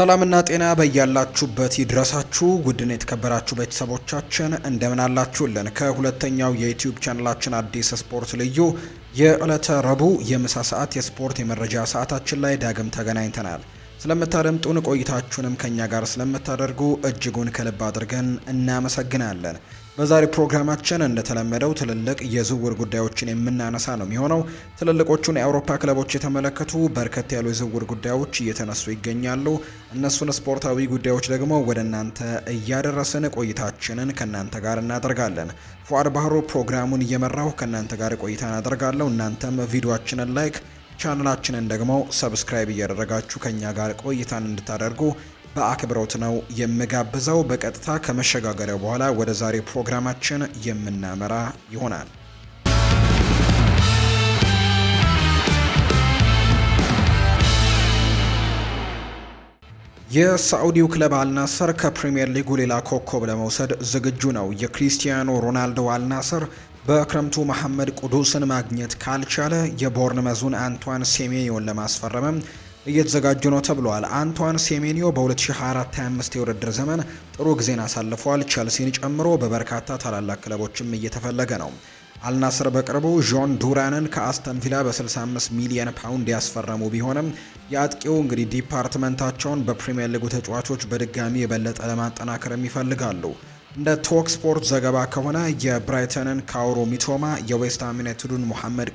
ሰላምና ጤና በያላችሁበት ይድረሳችሁ። ውድን የተከበራችሁ ቤተሰቦቻችን እንደምን አላችሁልን? ከሁለተኛው የዩትዩብ ቻናላችን አዲስ ስፖርት ልዩ የዕለተ ረቡዕ የምሳ ሰዓት የስፖርት የመረጃ ሰዓታችን ላይ ዳግም ተገናኝተናል። ስለምታደምጡን ቆይታችሁንም ከእኛ ጋር ስለምታደርጉ እጅጉን ከልብ አድርገን እናመሰግናለን። በዛሬ ፕሮግራማችን እንደተለመደው ትልልቅ የዝውውር ጉዳዮችን የምናነሳ ነው የሚሆነው። ትልልቆቹን የአውሮፓ ክለቦች የተመለከቱ በርከት ያሉ የዝውውር ጉዳዮች እየተነሱ ይገኛሉ። እነሱን ስፖርታዊ ጉዳዮች ደግሞ ወደ እናንተ እያደረስን ቆይታችንን ከእናንተ ጋር እናደርጋለን። ፉአድ ባህሩ ፕሮግራሙን እየመራሁ ከእናንተ ጋር ቆይታ እናደርጋለሁ። እናንተም ቪዲዮችንን ላይክ ቻናላችንን ደግሞ ሰብስክራይብ እያደረጋችሁ ከኛ ጋር ቆይታን እንድታደርጉ በአክብሮት ነው የምጋብዘው። በቀጥታ ከመሸጋገሪያው በኋላ ወደ ዛሬ ፕሮግራማችን የምናመራ ይሆናል። የሳዑዲው ክለብ አልናሰር ከፕሪምየር ሊጉ ሌላ ኮከብ ለመውሰድ ዝግጁ ነው። የክሪስቲያኖ ሮናልዶ አልናሰር በክረምቱ መሐመድ ቁዱስን ማግኘት ካልቻለ የቦርንመዙን አንቷን ሴሜዮን ለማስፈረምም እየተዘጋጁ ነው ተብሏል። አንቷን ሴሜኒዮ በ2024/25 የውድድር ዘመን ጥሩ ጊዜን አሳልፏል። ቸልሲን ጨምሮ በበርካታ ታላላቅ ክለቦችም እየተፈለገ ነው። አልናስር በቅርቡ ጆን ዱራንን ከአስተን ቪላ በ65 ሚሊየን ፓውንድ ያስፈረሙ ቢሆንም የአጥቂው እንግዲህ ዲፓርትመንታቸውን በፕሪምየር ሊጉ ተጫዋቾች በድጋሚ የበለጠ ለማጠናከርም ይፈልጋሉ። እንደ ቶክ ስፖርት ዘገባ ከሆነ የብራይተንን ካውሮ ሚቶማ የዌስትሃም ዩናይትዱን ሙሐመድ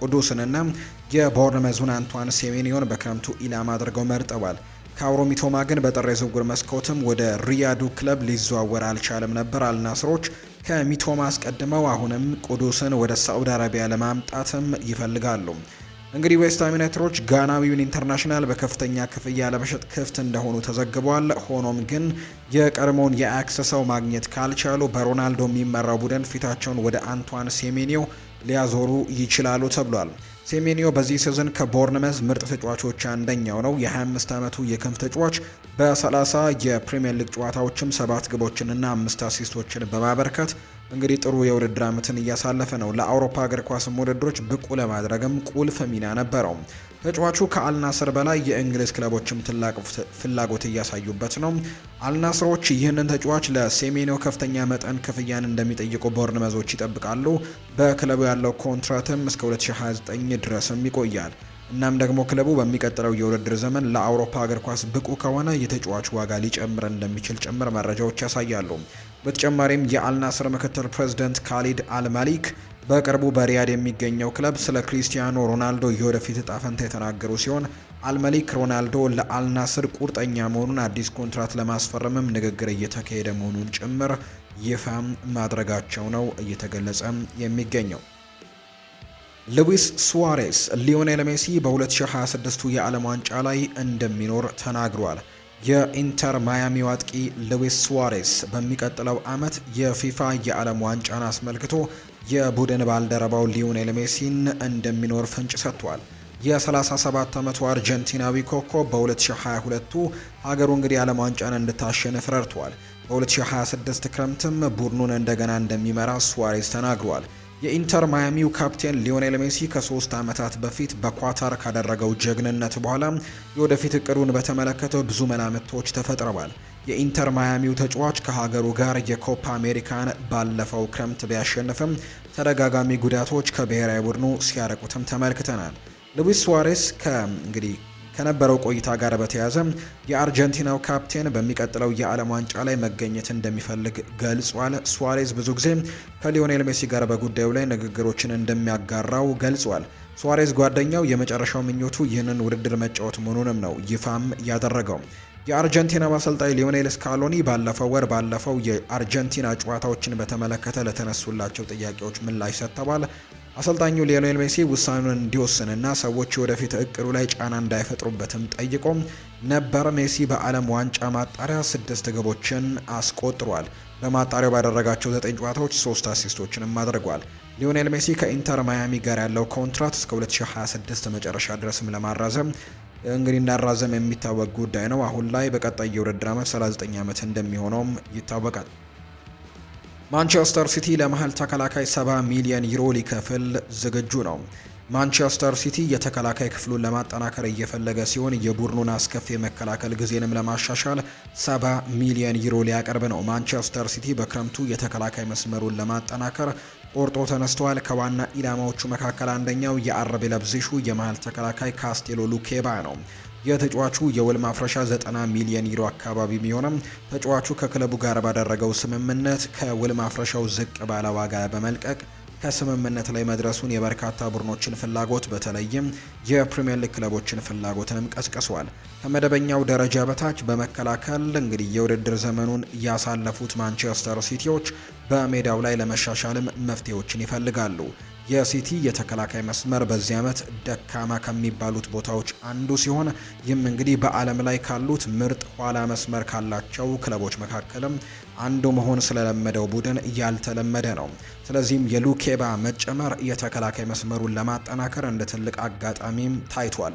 ቅዱስንና የቦርንመዙን አንቷን ሴሜኒዮን በክረምቱ ኢላማ አድርገው መርጠዋል። ካውሮ ሚቶማ ግን በጥር የዝውውር መስኮትም ወደ ሪያዱ ክለብ ሊዘዋወር አልቻለም ነበር። አልናስሮች ከሚቶማ አስቀድመው አሁንም ቁዱስን ወደ ሳዑዲ አረቢያ ለማምጣትም ይፈልጋሉ። እንግዲህ ዌስትሃም ዩናይትዶች ጋናዊውን ኢንተርናሽናል በከፍተኛ ክፍያ ለመሸጥ ክፍት እንደሆኑ ተዘግቧል። ሆኖም ግን የቀድሞውን የአክሰሰው ማግኘት ካልቻሉ በሮናልዶ የሚመራው ቡድን ፊታቸውን ወደ አንቷን ሴሜኒዮ ሊያዞሩ ይችላሉ ተብሏል። ሴሜኒዮ በዚህ ሲዝን ከቦርንመዝ ምርጥ ተጫዋቾች አንደኛው ነው። የ25 ዓመቱ የክንፍ ተጫዋች በ30 የፕሪምየር ሊግ ጨዋታዎችም ሰባት ግቦችንና አምስት አሲስቶችን በማበርከት እንግዲህ ጥሩ የውድድር ዓመትን እያሳለፈ ነው። ለአውሮፓ እግር ኳስም ውድድሮች ብቁ ለማድረግም ቁልፍ ሚና ነበረው። ተጫዋቹ ከአልናስር በላይ የእንግሊዝ ክለቦችም ትላቅ ፍላጎት እያሳዩበት ነው። አልናስሮች ይህንን ተጫዋች ለሴሜኖ ከፍተኛ መጠን ክፍያን እንደሚጠይቁ ቦርንመዞች ይጠብቃሉ። በክለቡ ያለው ኮንትራትም እስከ 2029 ድረስም ይቆያል። እናም ደግሞ ክለቡ በሚቀጥለው የውድድር ዘመን ለአውሮፓ እግር ኳስ ብቁ ከሆነ የተጫዋቹ ዋጋ ሊጨምር እንደሚችል ጭምር መረጃዎች ያሳያሉ። በተጨማሪም የአልናስር ምክትል ፕሬዚደንት ካሊድ አልማሊክ በቅርቡ በሪያድ የሚገኘው ክለብ ስለ ክሪስቲያኖ ሮናልዶ የወደፊት እጣ ፈንታ የተናገሩ ሲሆን አልመሊክ ሮናልዶ ለአልናስር ቁርጠኛ መሆኑን አዲስ ኮንትራት ለማስፈረምም ንግግር እየተካሄደ መሆኑን ጭምር ይፋም ማድረጋቸው ነው እየተገለጸ የሚገኘው። ሉዊስ ሱዋሬስ ሊዮኔል ሜሲ በ2026ቱ የዓለም ዋንጫ ላይ እንደሚኖር ተናግሯል። የኢንተር ማያሚ አጥቂ ሉዊስ ሱዋሬስ በሚቀጥለው ዓመት የፊፋ የዓለም ዋንጫን አስመልክቶ የቡድን ባልደረባው ሊዮኔል ሜሲን እንደሚኖር ፍንጭ ሰጥቷል። የ37 ዓመቱ አርጀንቲናዊ ኮኮ በ2022ቱ ሀገሩ እንግዲህ የዓለም ዋንጫን እንድታሸንፍ ረድቷል። በ2026 ክረምትም ቡድኑን እንደገና እንደሚመራ ሱዋሬስ ተናግሯል። የኢንተር ማያሚው ካፕቴን ሊዮኔል ሜሲ ከሶስት ዓመታት በፊት በኳታር ካደረገው ጀግንነት በኋላ የወደፊት እቅዱን በተመለከተ ብዙ መላምቶች ተፈጥረዋል። የኢንተር ማያሚው ተጫዋች ከሀገሩ ጋር የኮፓ አሜሪካን ባለፈው ክረምት ቢያሸንፍም ተደጋጋሚ ጉዳቶች ከብሔራዊ ቡድኑ ሲያረቁትም ተመልክተናል። ሉዊስ ሱዋሬስ ከእንግዲህ ከነበረው ቆይታ ጋር በተያያዘ የአርጀንቲናው ካፕቴን በሚቀጥለው የዓለም ዋንጫ ላይ መገኘት እንደሚፈልግ ገልጿል። ሱዋሬዝ ብዙ ጊዜ ከሊዮኔል ሜሲ ጋር በጉዳዩ ላይ ንግግሮችን እንደሚያጋራው ገልጿል። ሱዋሬዝ ጓደኛው የመጨረሻው ምኞቱ ይህንን ውድድር መጫወት መሆኑንም ነው ይፋም ያደረገው። የአርጀንቲና አሰልጣኝ ሊዮኔል ስካሎኒ ባለፈው ወር ባለፈው የአርጀንቲና ጨዋታዎችን በተመለከተ ለተነሱላቸው ጥያቄዎች ምላሽ ሰጥተዋል። አሰልጣኙ ሊዮኔል ሜሲ ውሳኔውን እንዲወስንና ሰዎች ወደፊት እቅዱ ላይ ጫና እንዳይፈጥሩበትም ጠይቆ ነበር። ሜሲ በዓለም ዋንጫ ማጣሪያ ስድስት ግቦችን አስቆጥሯል። በማጣሪያው ባደረጋቸው ዘጠኝ ጨዋታዎች ሶስት አሲስቶችንም አድርጓል። ሊዮኔል ሜሲ ከኢንተር ማያሚ ጋር ያለው ኮንትራት እስከ 2026 መጨረሻ ድረስም ለማራዘም እንግዲህ እንዳራዘም የሚታወቅ ጉዳይ ነው። አሁን ላይ በቀጣይ የውድድር ዓመት 39 ዓመት እንደሚሆነውም ይታወቃል። ማንቸስተር ሲቲ ለመሀል ተከላካይ 70 ሚሊዮን ዩሮ ሊከፍል ዝግጁ ነው። ማንቸስተር ሲቲ የተከላካይ ክፍሉን ለማጠናከር እየፈለገ ሲሆን የቡድኑን አስከፊ የመከላከል ጊዜንም ለማሻሻል 70 ሚሊዮን ዩሮ ሊያቀርብ ነው። ማንቸስተር ሲቲ በክረምቱ የተከላካይ መስመሩን ለማጠናከር ቆርጦ ተነስተዋል። ከዋና ኢላማዎቹ መካከል አንደኛው የአረብ ለብዚሹ የመሀል ተከላካይ ካስቴሎ ሉኬባ ነው። የተጫዋቹ የውል ማፍረሻ 90 ሚሊዮን ዩሮ አካባቢ ቢሆንም ተጫዋቹ ከክለቡ ጋር ባደረገው ስምምነት ከውል ማፍረሻው ዝቅ ባለ ዋጋ በመልቀቅ ከስምምነት ላይ መድረሱን የበርካታ ቡድኖችን ፍላጎት በተለይም የፕሪምየር ሊግ ክለቦችን ፍላጎትንም ቀስቅሷል። ከመደበኛው ደረጃ በታች በመከላከል እንግዲህ የውድድር ዘመኑን ያሳለፉት ማንቸስተር ሲቲዎች በሜዳው ላይ ለመሻሻልም መፍትሄዎችን ይፈልጋሉ። የሲቲ የተከላካይ መስመር በዚህ ዓመት ደካማ ከሚባሉት ቦታዎች አንዱ ሲሆን ይህም እንግዲህ በዓለም ላይ ካሉት ምርጥ ኋላ መስመር ካላቸው ክለቦች መካከልም አንዱ መሆን ስለለመደው ቡድን ያልተለመደ ነው። ስለዚህም የሉኬባ መጨመር የተከላካይ መስመሩን ለማጠናከር እንደ ትልቅ አጋጣሚም ታይቷል።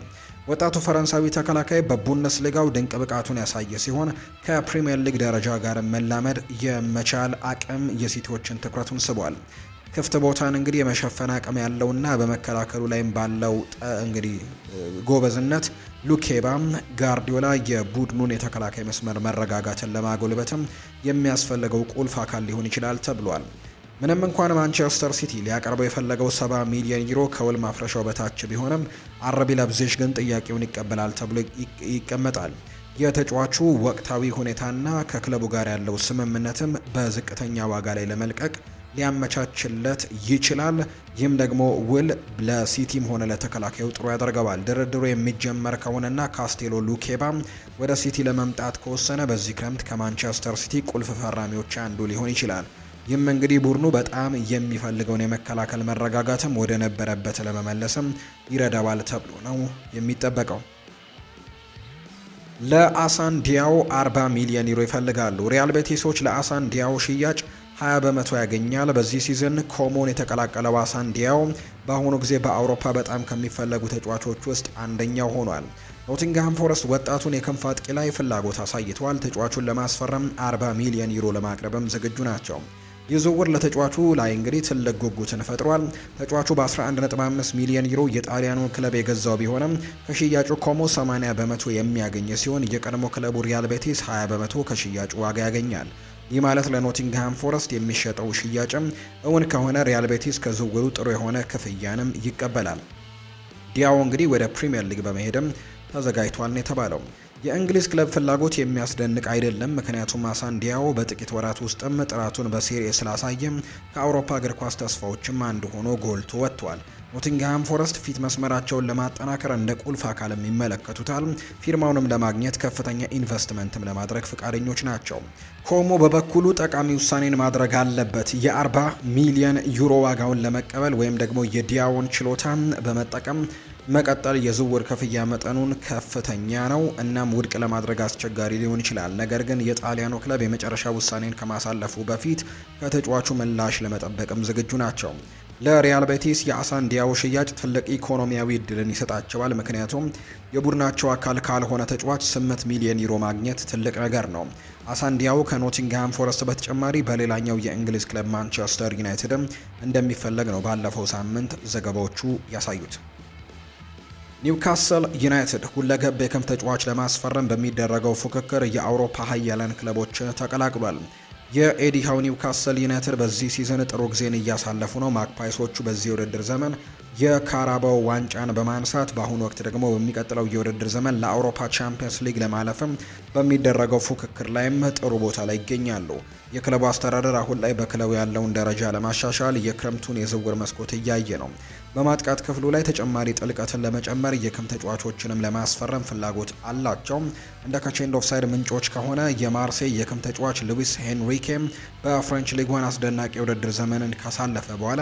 ወጣቱ ፈረንሳዊ ተከላካይ በቡንደስ ሊጋው ድንቅ ብቃቱን ያሳየ ሲሆን ከፕሪምየር ሊግ ደረጃ ጋር መላመድ የመቻል አቅም የሲቲዎችን ትኩረቱን ስቧል። ክፍት ቦታን እንግዲህ የመሸፈን አቅም ያለውና በመከላከሉ ላይም ባለው እንግዲህ ጎበዝነት ሉኬባ ጋርዲዮላ የቡድኑን የተከላካይ መስመር መረጋጋትን ለማጎልበትም የሚያስፈልገው ቁልፍ አካል ሊሆን ይችላል ተብሏል። ምንም እንኳን ማንቸስተር ሲቲ ሊያቀርበው የፈለገው ሰባ ሚሊዮን ዩሮ ከውል ማፍረሻው በታች ቢሆንም አረቢ ለብዜሽ ግን ጥያቄውን ይቀበላል ተብሎ ይቀመጣል። የተጫዋቹ ወቅታዊ ሁኔታና ከክለቡ ጋር ያለው ስምምነትም በዝቅተኛ ዋጋ ላይ ለመልቀቅ ሊያመቻችለት ይችላል። ይህም ደግሞ ውል ለሲቲም ሆነ ለተከላካዩ ጥሩ ያደርገዋል። ድርድሩ የሚጀመር ከሆነና ካስቴሎ ሉኬባ ወደ ሲቲ ለመምጣት ከወሰነ በዚህ ክረምት ከማንቸስተር ሲቲ ቁልፍ ፈራሚዎች አንዱ ሊሆን ይችላል። ይህም እንግዲህ ቡድኑ በጣም የሚፈልገውን የመከላከል መረጋጋትም ወደ ነበረበት ለመመለስም ይረዳዋል ተብሎ ነው የሚጠበቀው። ለአሳንዲያው 40 ሚሊዮን ዩሮ ይፈልጋሉ። ሪያል ቤቲሶች ለአሳንዲያው ሽያጭ 20 በመቶ ያገኛል። በዚህ ሲዝን ኮሞን የተቀላቀለው አሳንዲያው በአሁኑ ጊዜ በአውሮፓ በጣም ከሚፈለጉ ተጫዋቾች ውስጥ አንደኛው ሆኗል። ኖቲንግሃም ፎረስት ወጣቱን የክንፍ አጥቂ ላይ ፍላጎት አሳይተዋል። ተጫዋቹን ለማስፈረም 40 ሚሊዮን ዩሮ ለማቅረብም ዝግጁ ናቸው። ይህ ዝውውር ለተጫዋቹ ላይ እንግዲህ ትልቅ ጉጉትን ፈጥሯል። ተጫዋቹ በ11.5 ሚሊዮን ዩሮ የጣሊያኑን ክለብ የገዛው ቢሆንም ከሽያጩ ኮሞ 80 በመቶ የሚያገኝ ሲሆን የቀድሞ ክለቡ ሪያል ቤቲስ 20 በመቶ ከሽያጩ ዋጋ ያገኛል። ይህ ማለት ለኖቲንግሃም ፎረስት የሚሸጠው ሽያጭም እውን ከሆነ ሪያል ቤቲስ ከዝውውሩ ጥሩ የሆነ ክፍያንም ይቀበላል። ዲያው እንግዲህ ወደ ፕሪምየር ሊግ በመሄድም ተዘጋጅቷል ነው የተባለው። የእንግሊዝ ክለብ ፍላጎት የሚያስደንቅ አይደለም፣ ምክንያቱም አሳንዲያው በጥቂት ወራት ውስጥም ጥራቱን በሴሪኤ ስላሳየም ከአውሮፓ እግር ኳስ ተስፋዎችም አንዱ ሆኖ ጎልቶ ወጥቷል። ኖቲንግሃም ፎረስት ፊት መስመራቸውን ለማጠናከር እንደ ቁልፍ አካልም ይመለከቱታል። ፊርማውንም ለማግኘት ከፍተኛ ኢንቨስትመንትም ለማድረግ ፈቃደኞች ናቸው። ኮሞ በበኩሉ ጠቃሚ ውሳኔን ማድረግ አለበት። የ40 ሚሊዮን ዩሮ ዋጋውን ለመቀበል ወይም ደግሞ የዲያውን ችሎታ በመጠቀም መቀጠል የዝውውር ክፍያ መጠኑን ከፍተኛ ነው፣ እናም ውድቅ ለማድረግ አስቸጋሪ ሊሆን ይችላል። ነገር ግን የጣሊያኑ ክለብ የመጨረሻ ውሳኔን ከማሳለፉ በፊት ከተጫዋቹ ምላሽ ለመጠበቅም ዝግጁ ናቸው። ለሪያል ቤቲስ የአሳንዲያው ሽያጭ ትልቅ ኢኮኖሚያዊ እድልን ይሰጣቸዋል፣ ምክንያቱም የቡድናቸው አካል ካልሆነ ተጫዋች 8 ሚሊዮን ዩሮ ማግኘት ትልቅ ነገር ነው። አሳንዲያው ከኖቲንግሃም ፎረስት በተጨማሪ በሌላኛው የእንግሊዝ ክለብ ማንቸስተር ዩናይትድም እንደሚፈለግ ነው ባለፈው ሳምንት ዘገባዎቹ ያሳዩት። ኒውካስል ዩናይትድ ሁለገብ የክም ተጫዋች ለማስፈረም በሚደረገው ፉክክር የአውሮፓ ሀያላን ክለቦች ተቀላቅሏል። የኤዲሃው ኒውካስል ዩናይትድ በዚህ ሲዝን ጥሩ ጊዜን እያሳለፉ ነው። ማክፓይሶቹ በዚህ የውድድር ዘመን የካራባው ዋንጫን በማንሳት በአሁኑ ወቅት ደግሞ በሚቀጥለው የውድድር ዘመን ለአውሮፓ ቻምፒየንስ ሊግ ለማለፍም በሚደረገው ፉክክር ላይም ጥሩ ቦታ ላይ ይገኛሉ። የክለቡ አስተዳደር አሁን ላይ በክለቡ ያለውን ደረጃ ለማሻሻል የክረምቱን የዝውውር መስኮት እያየ ነው። በማጥቃት ክፍሉ ላይ ተጨማሪ ጥልቀትን ለመጨመር የክም ተጫዋቾችንም ለማስፈረም ፍላጎት አላቸው። እንደ ከቼንድ ኦፍሳይድ ምንጮች ከሆነ የማርሴይ የክም ተጫዋች ሉዊስ ሄንሪኬ በፍሬንች ሊግ አስደናቂ ውድድር ዘመንን ካሳለፈ በኋላ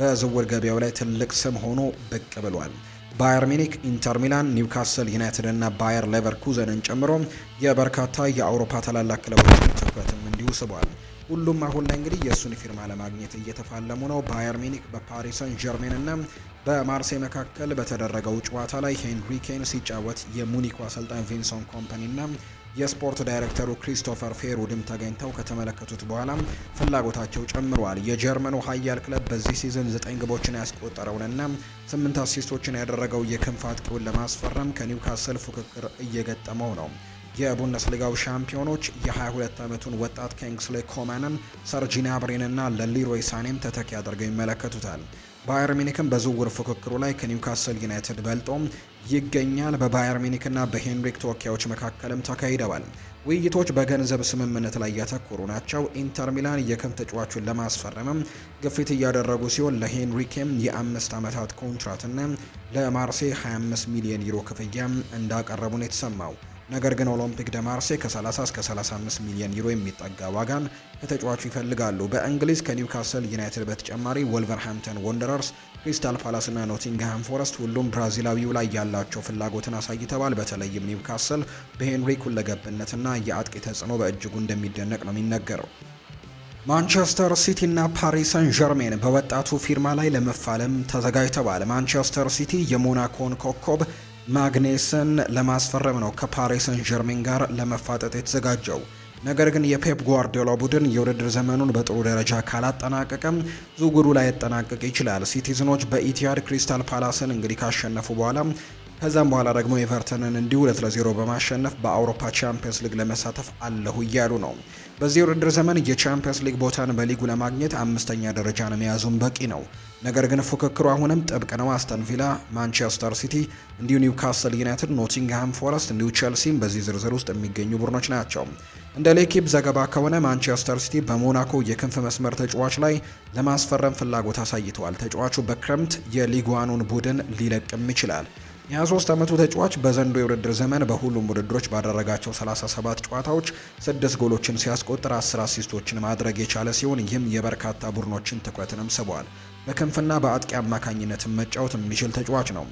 በዝውውር ገበያው ላይ ትልቅ ስም ሆኖ ብቅ ብሏል። ባየር ሚኒክ፣ ኢንተር ሚላን፣ ኒውካስል ዩናይትድ እና ባየር ሌቨርኩዘንን ጨምሮ የበርካታ የአውሮፓ ታላላቅ ክለቦችን ትኩረትም እንዲሁ ስቧል። ሁሉም አሁን ላይ እንግዲህ የእሱን ፊርማ ለማግኘት እየተፋለሙ ነው። ባየር ሚኒክ በፓሪሰን ጀርሜን እና በማርሴ መካከል በተደረገው ጨዋታ ላይ ሄንሪ ኬን ሲጫወት የሙኒኩ አሰልጣኝ ቪንሰንት ኮምፓኒ እና የስፖርት ዳይሬክተሩ ክሪስቶፈር ፌሩድም ተገኝተው ከተመለከቱት በኋላ ፍላጎታቸው ጨምሯል። የጀርመኑ ኃያል ክለብ በዚህ ሲዝን ዘጠኝ ግቦችን ያስቆጠረውንና ስምንት አሲስቶችን ያደረገው የክንፍ አጥቂውን ለማስፈረም ከኒውካስል ፉክክር እየገጠመው ነው። የቡንደስሊጋው ሻምፒዮኖች የ22 ዓመቱን ወጣት ኪንግስሌ ኮማንን ሰርጂኒ አብሬንና ለሊሮይ ሳኔም ተተኪ አድርገው ይመለከቱታል። ባየር ሚኒክም በዝውውር ፉክክሩ ላይ ከኒውካስል ዩናይትድ በልጦ ይገኛል። በባየር ሚኒክና በሄንሪክ ተወካዮች መካከልም ተካሂደዋል። ውይይቶች በገንዘብ ስምምነት ላይ ያተኮሩ ናቸው። ኢንተር ሚላን የክንፍ ተጫዋቹን ለማስፈረምም ግፊት እያደረጉ ሲሆን ለሄንሪኬም የአምስት ዓመታት ኮንትራትና ለማርሴ 25 ሚሊዮን ዩሮ ክፍያ እንዳቀረቡ ነው የተሰማው። ነገር ግን ኦሎምፒክ ደማርሴ ከ30 እስከ 35 ሚሊዮን ዩሮ የሚጠጋ ዋጋን ከተጫዋቹ ይፈልጋሉ። በእንግሊዝ ከኒውካስል ዩናይትድ በተጨማሪ ወልቨርሃምተን ወንደረርስ፣ ክሪስታል ፓላስ እና ኖቲንግሃም ፎረስት ሁሉም ብራዚላዊው ላይ ያላቸው ፍላጎትን አሳይተዋል። በተለይም ኒውካስል በሄንሪ ሁለገብነትና የአጥቂ ተጽዕኖ በእጅጉ እንደሚደነቅ ነው የሚነገረው። ማንቸስተር ሲቲ እና ፓሪስ ሰን ዠርሜን በወጣቱ ፊርማ ላይ ለመፋለም ተዘጋጅተዋል። ማንቸስተር ሲቲ የሞናኮን ኮከብ ማግኔስን ለማስፈረም ነው ከፓሪሰን ጀርሜን ጋር ለመፋጠጥ የተዘጋጀው። ነገር ግን የፔፕ ጓርዲዮላ ቡድን የውድድር ዘመኑን በጥሩ ደረጃ ካላጠናቀቀም ዝውውሩ ላይ ያጠናቀቅ ይችላል። ሲቲዝኖች በኢቲያድ ክሪስታል ፓላስን እንግዲህ ካሸነፉ በኋላ ከዛም በኋላ ደግሞ ኤቨርተንን እንዲሁ ሁለት ለዜሮ በማሸነፍ በአውሮፓ ቻምፒየንስ ሊግ ለመሳተፍ አለሁ እያሉ ነው። በዚህ ውድድር ዘመን የቻምፒየንስ ሊግ ቦታን በሊጉ ለማግኘት አምስተኛ ደረጃን መያዙን በቂ ነው። ነገር ግን ፉክክሩ አሁንም ጥብቅ ነው። አስተን ቪላ፣ ማንቸስተር ሲቲ እንዲሁ ኒውካስል ዩናይትድ፣ ኖቲንግሃም ፎረስት እንዲሁ ቸልሲም በዚህ ዝርዝር ውስጥ የሚገኙ ቡድኖች ናቸው። እንደ ሌኪፕ ዘገባ ከሆነ ማንቸስተር ሲቲ በሞናኮ የክንፍ መስመር ተጫዋች ላይ ለማስፈረም ፍላጎት አሳይተዋል። ተጫዋቹ በክረምት የሊጓኑን ቡድን ሊለቅም ይችላል። የ23 ዓመቱ ተጫዋች በዘንዶ የውድድር ዘመን በሁሉም ውድድሮች ባደረጋቸው 37 ጨዋታዎች 6 ጎሎችን ሲያስቆጥር 10 አሲስቶችን ማድረግ የቻለ ሲሆን ይህም የበርካታ ቡድኖችን ትኩረትንም ስቧል። በክንፍና በአጥቂ አማካኝነት መጫወት የሚችል ተጫዋች ነው።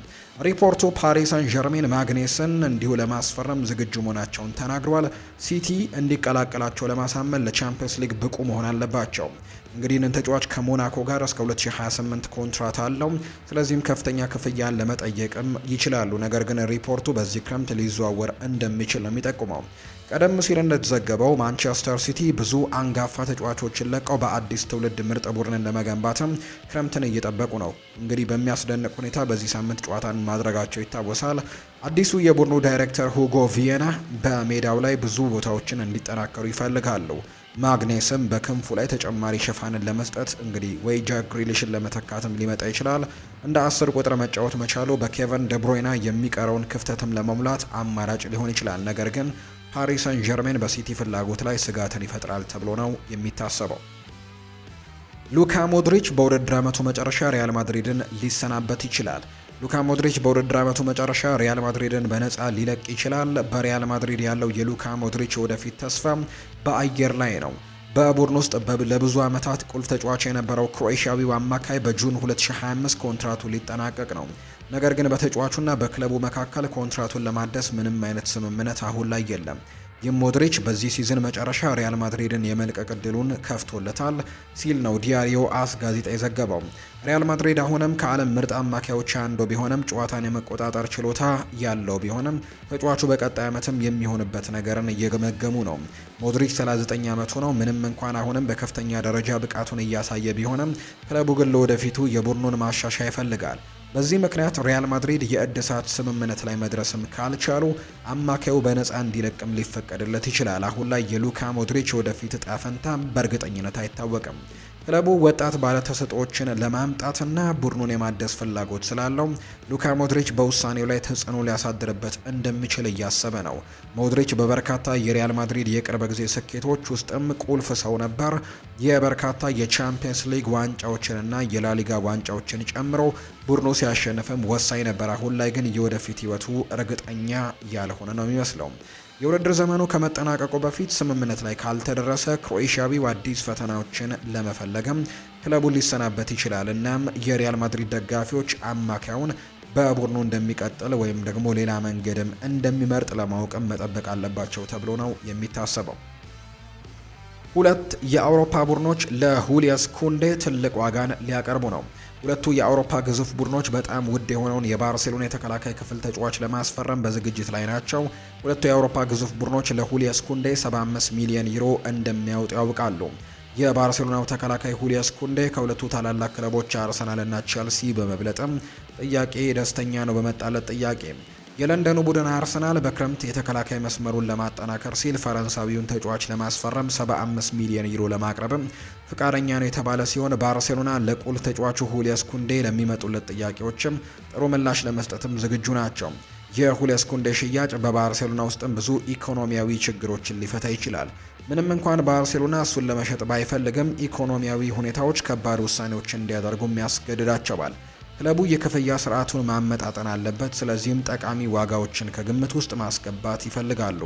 ሪፖርቱ ፓሪስ ሳን ዠርሜን ማግኔስን እንዲሁ ለማስፈረም ዝግጁ መሆናቸውን ተናግሯል። ሲቲ እንዲቀላቀላቸው ለማሳመን ለቻምፒየንስ ሊግ ብቁ መሆን አለባቸው። እንግዲህ ይህንን ተጫዋች ከሞናኮ ጋር እስከ 2028 ኮንትራት አለው። ስለዚህም ከፍተኛ ክፍያን ለመጠየቅም ይችላሉ። ነገር ግን ሪፖርቱ በዚህ ክረምት ሊዘዋወር እንደሚችል ነው የሚጠቁመው። ቀደም ሲል እንደተዘገበው ማንቸስተር ሲቲ ብዙ አንጋፋ ተጫዋቾችን ለቀው በአዲስ ትውልድ ምርጥ ቡድንን ለመገንባትም ክረምትን እየጠበቁ ነው። እንግዲህ በሚያስደንቅ ሁኔታ በዚህ ሳምንት ጨዋታን ማድረጋቸው ይታወሳል። አዲሱ የቡድኑ ዳይሬክተር ሁጎ ቪየና በሜዳው ላይ ብዙ ቦታዎችን እንዲጠናከሩ ይፈልጋሉ። ማግኔስም በክንፉ ላይ ተጨማሪ ሽፋንን ለመስጠት እንግዲህ ወይ ጃክ ግሪሊሽን ለመተካትም ሊመጣ ይችላል። እንደ አስር ቁጥር መጫወት መቻሉ በኬቨን ደብሮይና የሚቀረውን ክፍተትም ለመሙላት አማራጭ ሊሆን ይችላል። ነገር ግን ፓሪስ ሰን ዠርሜን በሲቲ ፍላጎት ላይ ስጋትን ይፈጥራል ተብሎ ነው የሚታሰበው። ሉካ ሞድሪች በውድድር ዓመቱ መጨረሻ ሪያል ማድሪድን ሊሰናበት ይችላል። ሉካ ሞድሪች በውድድር ዓመቱ መጨረሻ ሪያል ማድሪድን በነፃ ሊለቅ ይችላል። በሪያል ማድሪድ ያለው የሉካ ሞድሪች ወደፊት ተስፋ በአየር ላይ ነው። በቡድን ውስጥ ለብዙ ዓመታት ቁልፍ ተጫዋች የነበረው ክሮኤሽያዊው አማካይ በጁን 2025 ኮንትራቱ ሊጠናቀቅ ነው። ነገር ግን በተጫዋቹና በክለቡ መካከል ኮንትራቱን ለማደስ ምንም አይነት ስምምነት አሁን ላይ የለም። ይህ ሞድሪች በዚህ ሲዝን መጨረሻ ሪያል ማድሪድን የመልቀቅ እድሉን ከፍቶለታል ሲል ነው ዲያሪዮ አስ ጋዜጣ የዘገበው። ሪያል ማድሪድ አሁንም ከዓለም ምርጥ አማካዮች አንዱ ቢሆንም ጨዋታን የመቆጣጠር ችሎታ ያለው ቢሆንም ተጫዋቹ በቀጣይ ዓመትም የሚሆንበት ነገርን እየገመገሙ ነው። ሞድሪች 39 ዓመቱ ነው። ምንም እንኳን አሁንም በከፍተኛ ደረጃ ብቃቱን እያሳየ ቢሆንም ክለቡ ግን ለወደፊቱ የቡድኑን ማሻሻያ ይፈልጋል። በዚህ ምክንያት ሪያል ማድሪድ የእድሳት ስምምነት ላይ መድረስም ካልቻሉ አማካዩ በነፃ እንዲለቅም ሊፈቀድለት ይችላል። አሁን ላይ የሉካ ሞድሪች ወደፊት እጣ ፈንታ በእርግጠኝነት አይታወቅም። ክለቡ ወጣት ባለተሰጥኦችን ለማምጣትና ቡድኑን የማደስ ፍላጎት ስላለው ሉካ ሞድሪች በውሳኔው ላይ ተጽዕኖ ሊያሳድርበት እንደሚችል እያሰበ ነው። ሞድሪች በበርካታ የሪያል ማድሪድ የቅርብ ጊዜ ስኬቶች ውስጥም ቁልፍ ሰው ነበር። የበርካታ የቻምፒየንስ ሊግ ዋንጫዎችንና የላሊጋ ዋንጫዎችን ጨምሮ ቡድኑ ሲያሸንፍም ወሳኝ ነበር። አሁን ላይ ግን የወደፊት ሕይወቱ እርግጠኛ ያልሆነ ነው የሚመስለው። የውድድር ዘመኑ ከመጠናቀቁ በፊት ስምምነት ላይ ካልተደረሰ ክሮኤሽያዊው አዲስ ፈተናዎችን ለመፈለግም ክለቡን ሊሰናበት ይችላል። እናም የሪያል ማድሪድ ደጋፊዎች አማካዩን በቡድኑ እንደሚቀጥል ወይም ደግሞ ሌላ መንገድም እንደሚመርጥ ለማወቅም መጠበቅ አለባቸው ተብሎ ነው የሚታሰበው። ሁለት የአውሮፓ ቡድኖች ለሁሊያስ ኩንዴ ትልቅ ዋጋን ሊያቀርቡ ነው። ሁለቱ የአውሮፓ ግዙፍ ቡድኖች በጣም ውድ የሆነውን የባርሴሎና የተከላካይ ክፍል ተጫዋች ለማስፈረም በዝግጅት ላይ ናቸው። ሁለቱ የአውሮፓ ግዙፍ ቡድኖች ለሁሊያስ ኩንዴ 75 ሚሊዮን ዩሮ እንደሚያወጡ ያውቃሉ። የባርሴሎናው ተከላካይ ሁሊያስ ኩንዴ ከሁለቱ ታላላቅ ክለቦች አርሰናልና ቸልሲ በመብለጥም ጥያቄ ደስተኛ ነው በመጣለት ጥያቄ የለንደኑ ቡድን አርሰናል በክረምት የተከላካይ መስመሩን ለማጠናከር ሲል ፈረንሳዊውን ተጫዋች ለማስፈረም 75 ሚሊዮን ዩሮ ለማቅረብም ፍቃደኛ ነው የተባለ ሲሆን ባርሴሎና ለቁል ተጫዋቹ ሁሊያስ ኩንዴ ለሚመጡለት ጥያቄዎችም ጥሩ ምላሽ ለመስጠትም ዝግጁ ናቸው። የሁሊያስ ኩንዴ ሽያጭ በባርሴሎና ውስጥም ብዙ ኢኮኖሚያዊ ችግሮችን ሊፈታ ይችላል። ምንም እንኳን ባርሴሎና እሱን ለመሸጥ ባይፈልግም ኢኮኖሚያዊ ሁኔታዎች ከባድ ውሳኔዎችን እንዲያደርጉም ያስገድዳቸዋል። ክለቡ የክፍያ ስርዓቱን ማመጣጠን አለበት። ስለዚህም ጠቃሚ ዋጋዎችን ከግምት ውስጥ ማስገባት ይፈልጋሉ።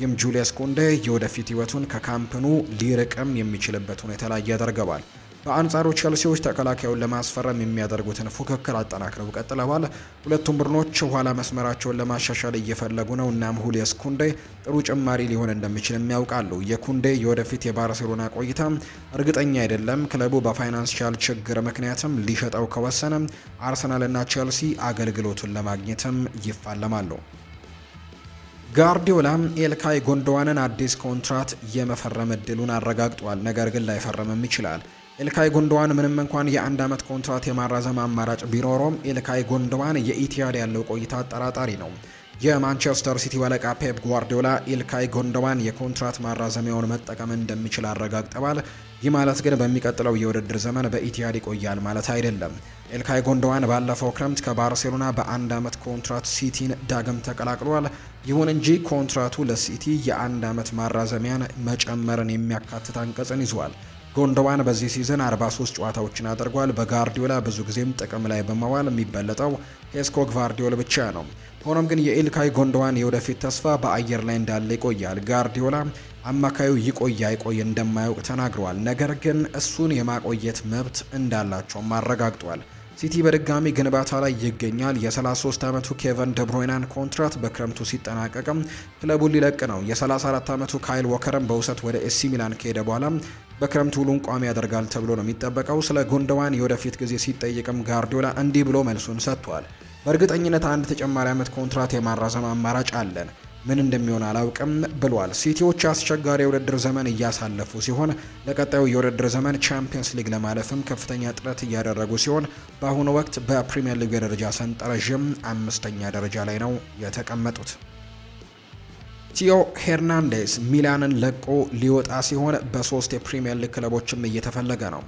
ይህም ጁልያስ ኩንዴ የወደፊት ህይወቱን ከካምፕኑ ሊርቅም የሚችልበት ሁኔታ ላይ ያደርገዋል። በአንጻሩ ቸልሲዎች ተከላካዩን ለማስፈረም የሚያደርጉትን ፉክክር አጠናክረው ቀጥለዋል። ሁለቱም ቡድኖች ኋላ መስመራቸውን ለማሻሻል እየፈለጉ ነው። እናም ሁሌስ ኩንዴ ጥሩ ጭማሪ ሊሆን እንደሚችል የሚያውቃሉ። የኩንዴ የወደፊት የባርሴሎና ቆይታ እርግጠኛ አይደለም። ክለቡ በፋይናንሻል ችግር ምክንያትም ሊሸጠው ከወሰነ አርሰናልና ቸልሲ አገልግሎቱን ለማግኘትም ይፋለማሉ። ጋርዲዮላ ኤልካይ ጎንደዋንን አዲስ ኮንትራት የመፈረም እድሉን አረጋግጧል። ነገር ግን ላይፈረምም ይችላል። ኤልካይ ጎንደዋን ምንም እንኳን የአንድ ዓመት ኮንትራት የማራዘም አማራጭ ቢኖረውም ኤልካይ ጎንደዋን የኢቲያድ ያለው ቆይታ አጠራጣሪ ነው። የማንቸስተር ሲቲ ወለቃ ፔፕ ጓርዲዮላ ኢልካይ ጎንደዋን የኮንትራት ማራዘሚያውን መጠቀም እንደሚችል አረጋግጠዋል። ይህ ማለት ግን በሚቀጥለው የውድድር ዘመን በኢትያድ ይቆያል ማለት አይደለም። ኤልካይ ጎንደዋን ባለፈው ክረምት ከባርሴሎና በአንድ ዓመት ኮንትራት ሲቲን ዳግም ተቀላቅሏል። ይሁን እንጂ ኮንትራቱ ለሲቲ የአንድ ዓመት ማራዘሚያን መጨመርን የሚያካትት አንቀጽን ይዟል። ጎንደዋን በዚህ ሲዝን 43 ጨዋታዎችን አድርጓል። በጋርዲዮላ ብዙ ጊዜም ጥቅም ላይ በመዋል የሚበለጠው ሄስኮ ግቫርዲዮል ብቻ ነው። ሆኖም ግን የኢልካይ ጎንደዋን የወደፊት ተስፋ በአየር ላይ እንዳለ ይቆያል። ጋርዲዮላ አማካዩ ይቆይ አይቆይ እንደማያውቅ ተናግረዋል። ነገር ግን እሱን የማቆየት መብት እንዳላቸውም አረጋግጧል። ሲቲ በድጋሚ ግንባታ ላይ ይገኛል። የ33 ዓመቱ ኬቨን ደብሮይናን ኮንትራት በክረምቱ ሲጠናቀቅም ክለቡን ሊለቅ ነው። የ34 ዓመቱ ካይል ወከርም በውሰት ወደ ኤሲ ሚላን ከሄደ በኋላ በክረምቱ ሁሉን ቋሚ ያደርጋል ተብሎ ነው የሚጠበቀው። ስለ ጎንደዋን የወደፊት ጊዜ ሲጠየቅም ጋርዲዮላ እንዲህ ብሎ መልሱን ሰጥቷል። በእርግጠኝነት አንድ ተጨማሪ ዓመት ኮንትራት የማራዘም አማራጭ አለን ምን እንደሚሆን አላውቅም ብሏል። ሲቲዎች አስቸጋሪ የውድድር ዘመን እያሳለፉ ሲሆን ለቀጣዩ የውድድር ዘመን ቻምፒየንስ ሊግ ለማለፍም ከፍተኛ ጥረት እያደረጉ ሲሆን በአሁኑ ወቅት በፕሪምየር ሊግ የደረጃ ሰንጠረዥም አምስተኛ ደረጃ ላይ ነው የተቀመጡት። ቲዮ ሄርናንዴስ ሚላንን ለቆ ሊወጣ ሲሆን በሶስት የፕሪምየር ሊግ ክለቦችም እየተፈለገ ነው።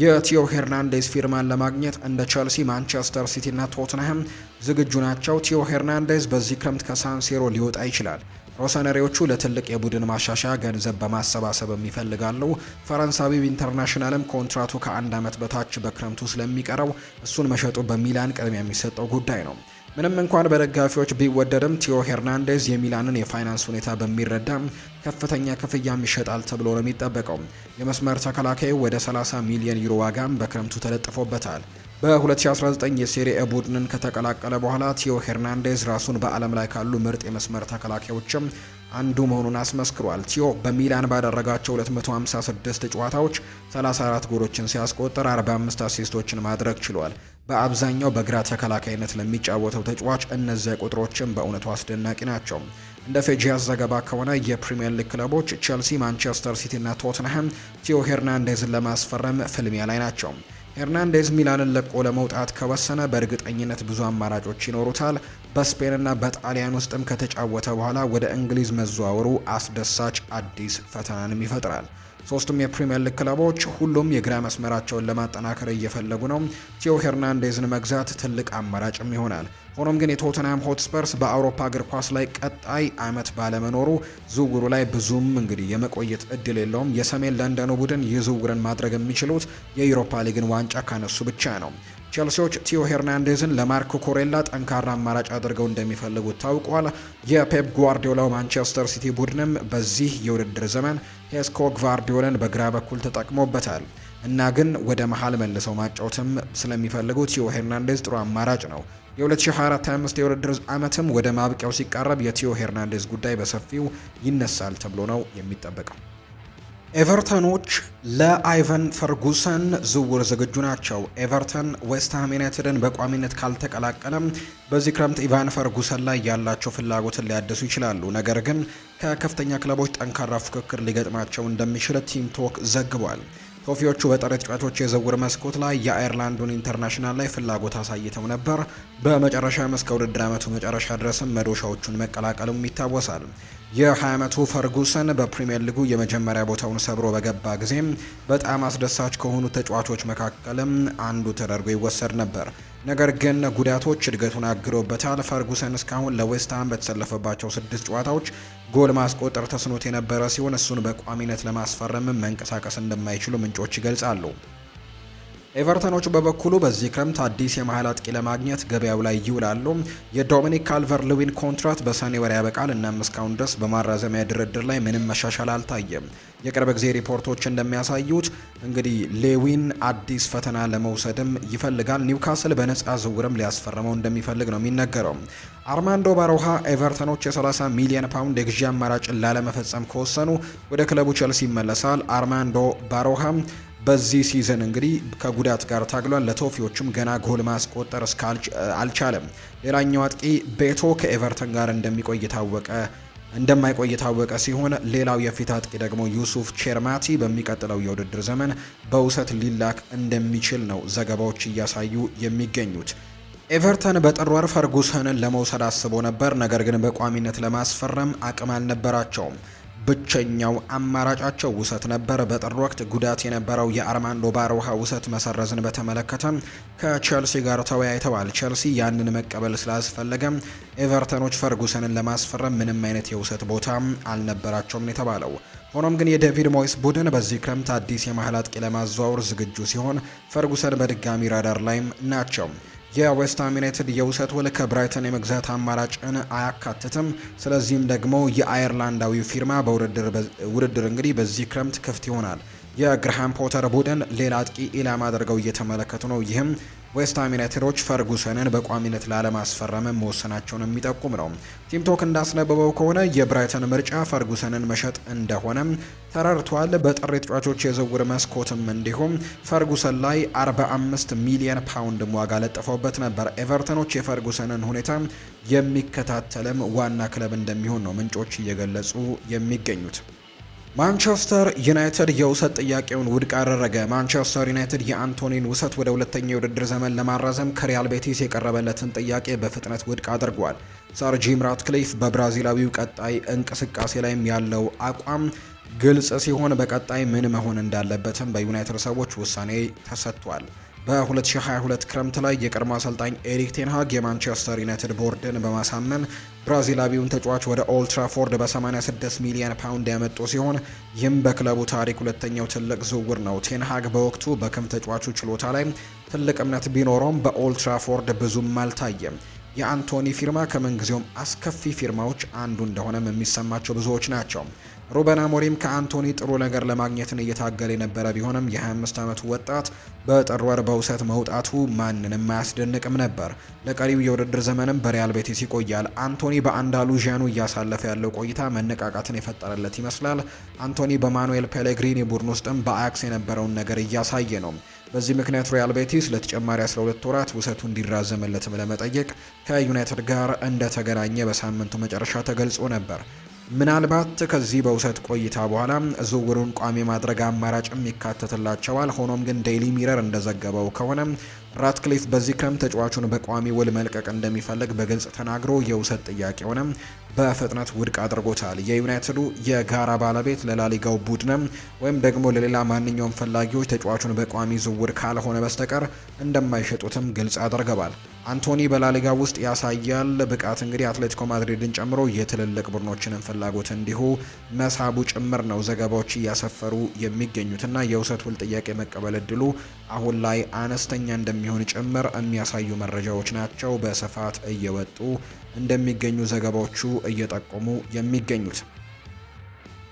የቲዮ ሄርናንዴዝ ፊርማን ለማግኘት እንደ ቸልሲ፣ ማንቸስተር ሲቲ እና ቶትንሃም ዝግጁ ናቸው። ቲዮ ሄርናንዴዝ በዚህ ክረምት ከሳንሴሮ ሊወጣ ይችላል። ሮሰነሪዎቹ ለትልቅ የቡድን ማሻሻያ ገንዘብ በማሰባሰብ ይፈልጋሉ። ፈረንሳዊው ኢንተርናሽናልም ኮንትራቱ ከአንድ ዓመት በታች በክረምቱ ስለሚቀረው እሱን መሸጡ በሚላን ቅድሚያ የሚሰጠው ጉዳይ ነው። ምንም እንኳን በደጋፊዎች ቢወደድም ቲዮ ሄርናንዴዝ የሚላንን የፋይናንስ ሁኔታ በሚረዳ ከፍተኛ ክፍያም ይሸጣል ተብሎ ነው የሚጠበቀው። የመስመር ተከላካይ ወደ 30 ሚሊዮን ዩሮ ዋጋም በክረምቱ ተለጥፎበታል። በ2019 የሴሪኤ ቡድንን ከተቀላቀለ በኋላ ቲዮ ሄርናንዴዝ ራሱን በዓለም ላይ ካሉ ምርጥ የመስመር ተከላካዮችም አንዱ መሆኑን አስመስክሯል። ቲዮ በሚላን ባደረጋቸው 256 ጨዋታዎች 34 ጎሎችን ሲያስቆጥር 45 አሲስቶችን ማድረግ ችሏል። በአብዛኛው በግራ ተከላካይነት ለሚጫወተው ተጫዋች እነዚያ ቁጥሮችም በእውነቱ አስደናቂ ናቸው። እንደ ፌጂያስ ዘገባ ከሆነ የፕሪምየር ሊግ ክለቦች ቼልሲ፣ ማንቸስተር ሲቲ እና ቶትንሃም ቲዮ ሄርናንዴዝን ለማስፈረም ፍልሚያ ላይ ናቸው። ሄርናንዴዝ ሚላንን ለቆ ለመውጣት ከወሰነ በእርግጠኝነት ብዙ አማራጮች ይኖሩታል። በስፔንና በጣሊያን ውስጥም ከተጫወተ በኋላ ወደ እንግሊዝ መዘዋወሩ አስደሳች አዲስ ፈተናንም ይፈጥራል። ሶስቱም የፕሪምየር ሊግ ክለቦች ሁሉም የግራ መስመራቸውን ለማጠናከር እየፈለጉ ነው። ቲዮ ሄርናንዴዝን መግዛት ትልቅ አማራጭም ይሆናል። ሆኖም ግን የቶተንሃም ሆትስፐርስ በአውሮፓ እግር ኳስ ላይ ቀጣይ አመት ባለመኖሩ ዝውውሩ ላይ ብዙም እንግዲህ የመቆየት እድል የለውም። የሰሜን ለንደኑ ቡድን ይህ ዝውውርን ማድረግ የሚችሉት የዩሮፓ ሊግን ዋንጫ ካነሱ ብቻ ነው። ቸልሲዎች ቲዮ ሄርናንዴዝን ለማርኮ ኮሬላ ጠንካራ አማራጭ አድርገው እንደሚፈልጉት ታውቋል። የፔፕ ጓርዲዮላው ማንቸስተር ሲቲ ቡድንም በዚህ የውድድር ዘመን ሄስኮ ጓርዲዮላን በግራ በኩል ተጠቅሞበታል እና ግን ወደ መሃል መልሰው ማጫወትም ስለሚፈልጉ ቲዮ ሄርናንዴዝ ጥሩ አማራጭ ነው። የ2024/25 የውድድር ዓመትም ወደ ማብቂያው ሲቃረብ የቲዮ ሄርናንዴዝ ጉዳይ በሰፊው ይነሳል ተብሎ ነው የሚጠበቀው። ኤቨርተኖች ለአይቨን ፈርጉሰን ዝውውር ዝግጁ ናቸው። ኤቨርተን ዌስትሃም ዩናይትድን በቋሚነት ካልተቀላቀለም በዚህ ክረምት ኢቫን ፈርጉሰን ላይ ያላቸው ፍላጎትን ሊያድሱ ይችላሉ። ነገር ግን ከከፍተኛ ክለቦች ጠንካራ ፉክክር ሊገጥማቸው እንደሚችል ቲም ቶክ ዘግቧል። ቶፊዎቹ በጥሬ ተጫዋቾች የዝውውር መስኮት ላይ የአየርላንዱን ኢንተርናሽናል ላይ ፍላጎት አሳይተው ነበር። በመጨረሻ እስከ ውድድር ዓመቱ መጨረሻ ድረስም መዶሻዎቹን መቀላቀሉም ይታወሳል። የ20 ዓመቱ ፈርጉሰን በፕሪምየር ሊጉ የመጀመሪያ ቦታውን ሰብሮ በገባ ጊዜም በጣም አስደሳች ከሆኑ ተጫዋቾች መካከልም አንዱ ተደርጎ ይወሰድ ነበር። ነገር ግን ጉዳቶች እድገቱን አግዶበታል። ፈርጉሰን እስካሁን ለዌስትሃም በተሰለፈባቸው ስድስት ጨዋታዎች ጎል ማስቆጠር ተስኖት የነበረ ሲሆን እሱን በቋሚነት ለማስፈረምም መንቀሳቀስ እንደማይችሉ ምንጮች ይገልጻሉ። ኤቨርተኖች በበኩሉ በዚህ ክረምት አዲስ የመሀል አጥቂ ለማግኘት ገበያው ላይ ይውላሉ። የዶሚኒክ ካልቨር ልዊን ኮንትራት በሰኔ ወር ያበቃል እናም እስካሁን ድረስ በማራዘሚያ ድርድር ላይ ምንም መሻሻል አልታየም። የቅርብ ጊዜ ሪፖርቶች እንደሚያሳዩት እንግዲህ ሌዊን አዲስ ፈተና ለመውሰድም ይፈልጋል። ኒውካስል በነፃ ዝውውርም ሊያስፈርመው እንደሚፈልግ ነው የሚነገረው። አርማንዶ ባሮሃ ኤቨርተኖች የ30 ሚሊዮን ፓውንድ የግዢ አማራጭን ላለመፈጸም ከወሰኑ ወደ ክለቡ ቸልሲ ይመለሳል። አርማንዶ ባሮሃ በዚህ ሲዝን እንግዲህ ከጉዳት ጋር ታግሏል። ለቶፊዎቹም ገና ጎል ማስቆጠር አልቻለም። ሌላኛው አጥቂ ቤቶ ከኤቨርተን ጋር እንደሚቆይ ታወቀ እንደማይቆይ ታወቀ ሲሆን ሌላው የፊት አጥቂ ደግሞ ዩሱፍ ቼርማቲ በሚቀጥለው የውድድር ዘመን በውሰት ሊላክ እንደሚችል ነው ዘገባዎች እያሳዩ የሚገኙት። ኤቨርተን በጥር ወር ፈርጉሰንን ለመውሰድ አስቦ ነበር፣ ነገር ግን በቋሚነት ለማስፈረም አቅም አልነበራቸውም። ብቸኛው አማራጫቸው ውሰት ነበር። በጥር ወቅት ጉዳት የነበረው የአርማንዶ ባሮሃ ውሰት መሰረዝን በተመለከተ ከቼልሲ ጋር ተወያይተዋል። ቼልሲ ያንን መቀበል ስላስፈለገ ኤቨርተኖች ፈርጉሰንን ለማስፈረም ምንም አይነት የውሰት ቦታ አልነበራቸውም የተባለው። ሆኖም ግን የዴቪድ ሞይስ ቡድን በዚህ ክረምት አዲስ የመሀል አጥቂ ለማዘዋወር ዝግጁ ሲሆን፣ ፈርጉሰን በድጋሚ ራዳር ላይም ናቸው። የዌስትሃም ዩናይትድ የውሰት ውል ከብራይተን የመግዛት አማራጭን አያካትትም። ስለዚህም ደግሞ የአየርላንዳዊ ፊርማ በውድድር እንግዲህ በዚህ ክረምት ክፍት ይሆናል። የግርሃም ፖተር ቡድን ሌላ አጥቂ ኢላማ አድርገው እየተመለከቱ ነው። ይህም ዌስትሃም ዩናይትዶች ፈርጉሰንን በቋሚነት ላለማስፈረም መወሰናቸውን የሚጠቁም ነው። ቲምቶክ እንዳስነበበው ከሆነ የብራይተን ምርጫ ፈርጉሰንን መሸጥ እንደሆነም ተረድቷል። በጥር ተጫዋቾች የዝውውር መስኮትም እንዲሁም ፈርጉሰን ላይ 45 ሚሊየን ፓውንድ ዋጋ ለጥፈውበት ነበር። ኤቨርተኖች የፈርጉሰንን ሁኔታ የሚከታተልም ዋና ክለብ እንደሚሆን ነው ምንጮች እየገለጹ የሚገኙት። ማንቸስተር ዩናይትድ የውሰት ጥያቄውን ውድቅ አደረገ። ማንቸስተር ዩናይትድ የአንቶኒን ውሰት ወደ ሁለተኛ የውድድር ዘመን ለማራዘም ከሪያል ቤቲስ የቀረበለትን ጥያቄ በፍጥነት ውድቅ አድርጓል። ሰር ጂም ራትክሊፍ በብራዚላዊው ቀጣይ እንቅስቃሴ ላይም ያለው አቋም ግልጽ ሲሆን በቀጣይ ምን መሆን እንዳለበትም በዩናይትድ ሰዎች ውሳኔ ተሰጥቷል። በ2022 ክረምት ላይ የቀድሞ አሰልጣኝ ኤሪክ ቴንሃግ የማንቸስተር ዩናይትድ ቦርድን በማሳመን ብራዚላዊውን ተጫዋች ወደ ኦልትራፎርድ በ86 ሚሊዮን ፓውንድ ያመጡ ሲሆን ይህም በክለቡ ታሪክ ሁለተኛው ትልቅ ዝውውር ነው። ቴንሃግ በወቅቱ በክም ተጫዋቹ ችሎታ ላይ ትልቅ እምነት ቢኖረውም በኦልትራፎርድ ብዙም አልታየም። የአንቶኒ ፊርማ ከምንጊዜውም አስከፊ ፊርማዎች አንዱ እንደሆነም የሚሰማቸው ብዙዎች ናቸው። ሩበን አሞሪም ከአንቶኒ ጥሩ ነገር ለማግኘትን እየታገለ የነበረ ቢሆንም የ25 ዓመቱ ወጣት በጥር ወር በውሰት መውጣቱ ማንንም አያስደንቅም ነበር። ለቀሪው የውድድር ዘመንም በሪያል ቤቲስ ይቆያል። አንቶኒ በአንዳሉዥያኑ እያሳለፈ ያለው ቆይታ መነቃቃትን የፈጠረለት ይመስላል። አንቶኒ በማኑኤል ፔሌግሪኒ ቡድን ውስጥም በአያክስ የነበረውን ነገር እያሳየ ነው። በዚህ ምክንያት ሪያል ቤቲስ ለተጨማሪ 12 ወራት ውሰቱ እንዲራዘምለትም ለመጠየቅ ከዩናይትድ ጋር እንደተገናኘ በሳምንቱ መጨረሻ ተገልጾ ነበር። ምናልባት ከዚህ በውሰት ቆይታ በኋላ ዝውውሩን ቋሚ ማድረግ አማራጭም ይካተትላቸዋል። ሆኖም ግን ዴይሊ ሚረር እንደዘገበው ከሆነ ራትክሊፍ በዚህ ክረምት ተጫዋቹን በቋሚ ውል መልቀቅ እንደሚፈልግ በግልጽ ተናግሮ የውሰት ጥያቄውንም በፍጥነት ውድቅ አድርጎታል። የዩናይትዱ የጋራ ባለቤት ለላሊጋው ቡድንም ወይም ደግሞ ለሌላ ማንኛውም ፈላጊዎች ተጫዋቹን በቋሚ ዝውውር ካልሆነ በስተቀር እንደማይሸጡትም ግልጽ አድርገዋል። አንቶኒ በላሊጋ ውስጥ ያሳያል ብቃት እንግዲህ አትሌቲኮ ማድሪድን ጨምሮ የትልልቅ ቡድኖችንም ፍላጎት እንዲሁ መሳቡ ጭምር ነው ዘገባዎች እያሰፈሩ የሚገኙትና የውሰት ውል ጥያቄ መቀበል እድሉ አሁን ላይ አነስተኛ እንደሚሆን ጭምር የሚያሳዩ መረጃዎች ናቸው በስፋት እየወጡ እንደሚገኙ ዘገባዎቹ እየጠቆሙ የሚገኙት።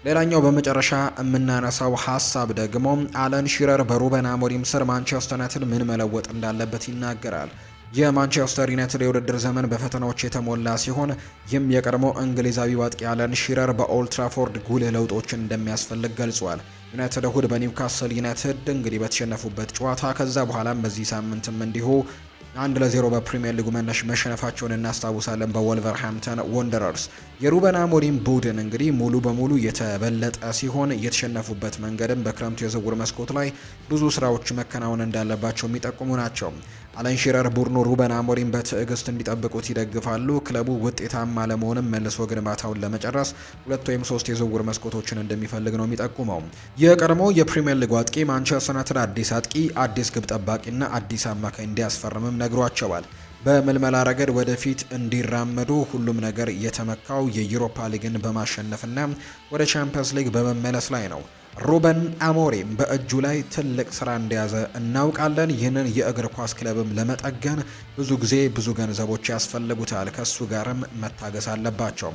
ሌላኛው በመጨረሻ የምናነሳው ሀሳብ ደግሞ አለን ሺረር በሩበን አሞሪም ስር ማንቸስተር ዩናይትድ ምን መለወጥ እንዳለበት ይናገራል። የማንቸስተር ዩናይትድ የውድድር ዘመን በፈተናዎች የተሞላ ሲሆን ይህም የቀድሞ እንግሊዛዊ አጥቂ አለን ሺረር በኦልትራፎርድ ጉልህ ለውጦችን እንደሚያስፈልግ ገልጿል። ዩናይትድ እሁድ በኒውካስል ዩናይትድ እንግዲህ በተሸነፉበት ጨዋታ ከዛ በኋላም በዚህ ሳምንትም እንዲሁ አንድ ለዜሮ በፕሪምየር ሊጉ መነሽ መሸነፋቸውን እናስታውሳለን ሃምተን ወንደረርስ። የሩበን አሞሪም ቡድን እንግዲህ ሙሉ በሙሉ የተበለጠ ሲሆን የተሸነፉበት መንገድም በክረምቱ የዝውውር መስኮት ላይ ብዙ ስራዎች መከናወን እንዳለባቸው የሚጠቁሙ ናቸው። አለን ሺረር ቡድኑ ሩበን አሞሪም በትዕግስት እንዲጠብቁት ይደግፋሉ። ክለቡ ውጤታማ ለመሆንም መልሶ ግንባታውን ለመጨረስ ሁለት ወይም ሶስት የዝውውር መስኮቶችን እንደሚፈልግ ነው የሚጠቁመው። የቀድሞ የፕሪምየር ሊግ አጥቂ ማንቸስተር ዩናይትድ አዲስ አጥቂ፣ አዲስ ግብ ጠባቂና አዲስ አማካኝ እንዲያስፈርምም ነግሯቸዋል። በምልመላ ረገድ ወደፊት እንዲራመዱ ሁሉም ነገር የተመካው የዩሮፓ ሊግን በማሸነፍና ወደ ቻምፒየንስ ሊግ በመመለስ ላይ ነው። ሩበን አሞሪም በእጁ ላይ ትልቅ ስራ እንደያዘ እናውቃለን። ይህንን የእግር ኳስ ክለብም ለመጠገን ብዙ ጊዜ ብዙ ገንዘቦች ያስፈልጉታል። ከሱ ጋርም መታገስ አለባቸው።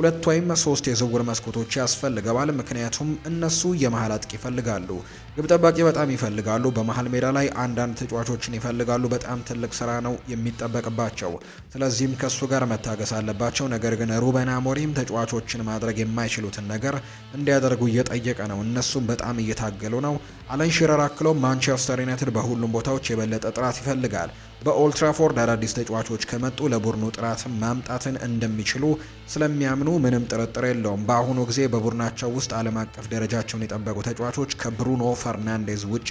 ሁለት ወይም ሶስት የዝውውር መስኮቶች ያስፈልገዋል። ምክንያቱም እነሱ የመሀል አጥቂ ይፈልጋሉ፣ ግብ ጠባቂ በጣም ይፈልጋሉ፣ በመሀል ሜዳ ላይ አንዳንድ ተጫዋቾችን ይፈልጋሉ። በጣም ትልቅ ስራ ነው የሚጠበቅባቸው። ስለዚህም ከሱ ጋር መታገስ አለባቸው። ነገር ግን ሩበን አሞሪም ተጫዋቾችን ማድረግ የማይችሉትን ነገር እንዲያደርጉ እየጠየቀ ነው። እነሱም በጣም እየታገሉ ነው። አለን ሽረር አክለው ማንቸስተር ዩናይትድ በሁሉም ቦታዎች የበለጠ ጥራት ይፈልጋል። በኦልትራፎርድ አዳዲስ ተጫዋቾች ከመጡ ለቡድኑ ጥራትን ማምጣትን እንደሚችሉ ስለሚያምኑ ምንም ጥርጥር የለውም። በአሁኑ ጊዜ በቡድናቸው ውስጥ ዓለም አቀፍ ደረጃቸውን የጠበቁ ተጫዋቾች ከብሩኖ ፈርናንዴዝ ውጪ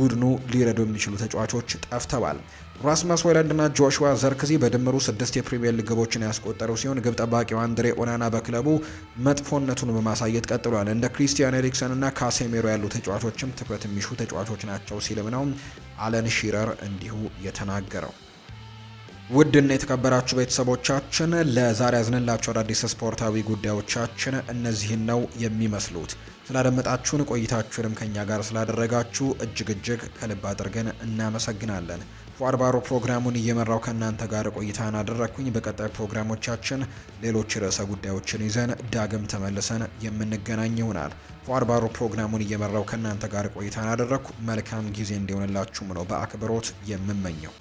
ቡድኑ ሊረዱ የሚችሉ ተጫዋቾች ጠፍተዋል። ራስመስ ሆይለንድና ጆሹዋ ዘርክዚ በድምሩ ስድስት የፕሪምየር ሊግ ግቦችን ያስቆጠሩ ሲሆን ግብ ጠባቂው አንድሬ ኦናና በክለቡ መጥፎነቱን በማሳየት ቀጥሏል። እንደ ክሪስቲያን ኤሪክሰንና ካሴሜሮ ያሉ ተጫዋቾችም ትኩረት የሚሹ ተጫዋቾች ናቸው ሲልም ነው አለን ሺረር እንዲሁ የተናገረው። ውድና የተከበራችሁ ቤተሰቦቻችን ለዛሬ ያዝንላችሁ አዳዲስ ስፖርታዊ ጉዳዮቻችን እነዚህን ነው የሚመስሉት። ስላደመጣችሁን ቆይታችሁንም ከኛ ጋር ስላደረጋችሁ እጅግ እጅግ ከልብ አድርገን እናመሰግናለን። ፏርባሮ ፕሮግራሙን እየመራው ከእናንተ ጋር ቆይታን አደረግኩኝ። በቀጣይ ፕሮግራሞቻችን ሌሎች ርዕሰ ጉዳዮችን ይዘን ዳግም ተመልሰን የምንገናኝ ይሆናል። ፏድ ፕሮግራሙን እየመራው ከእናንተ ጋር ቆይታን አደረግኩ። መልካም ጊዜ እንዲሆንላችሁም ነው በአክብሮት የምመኘው።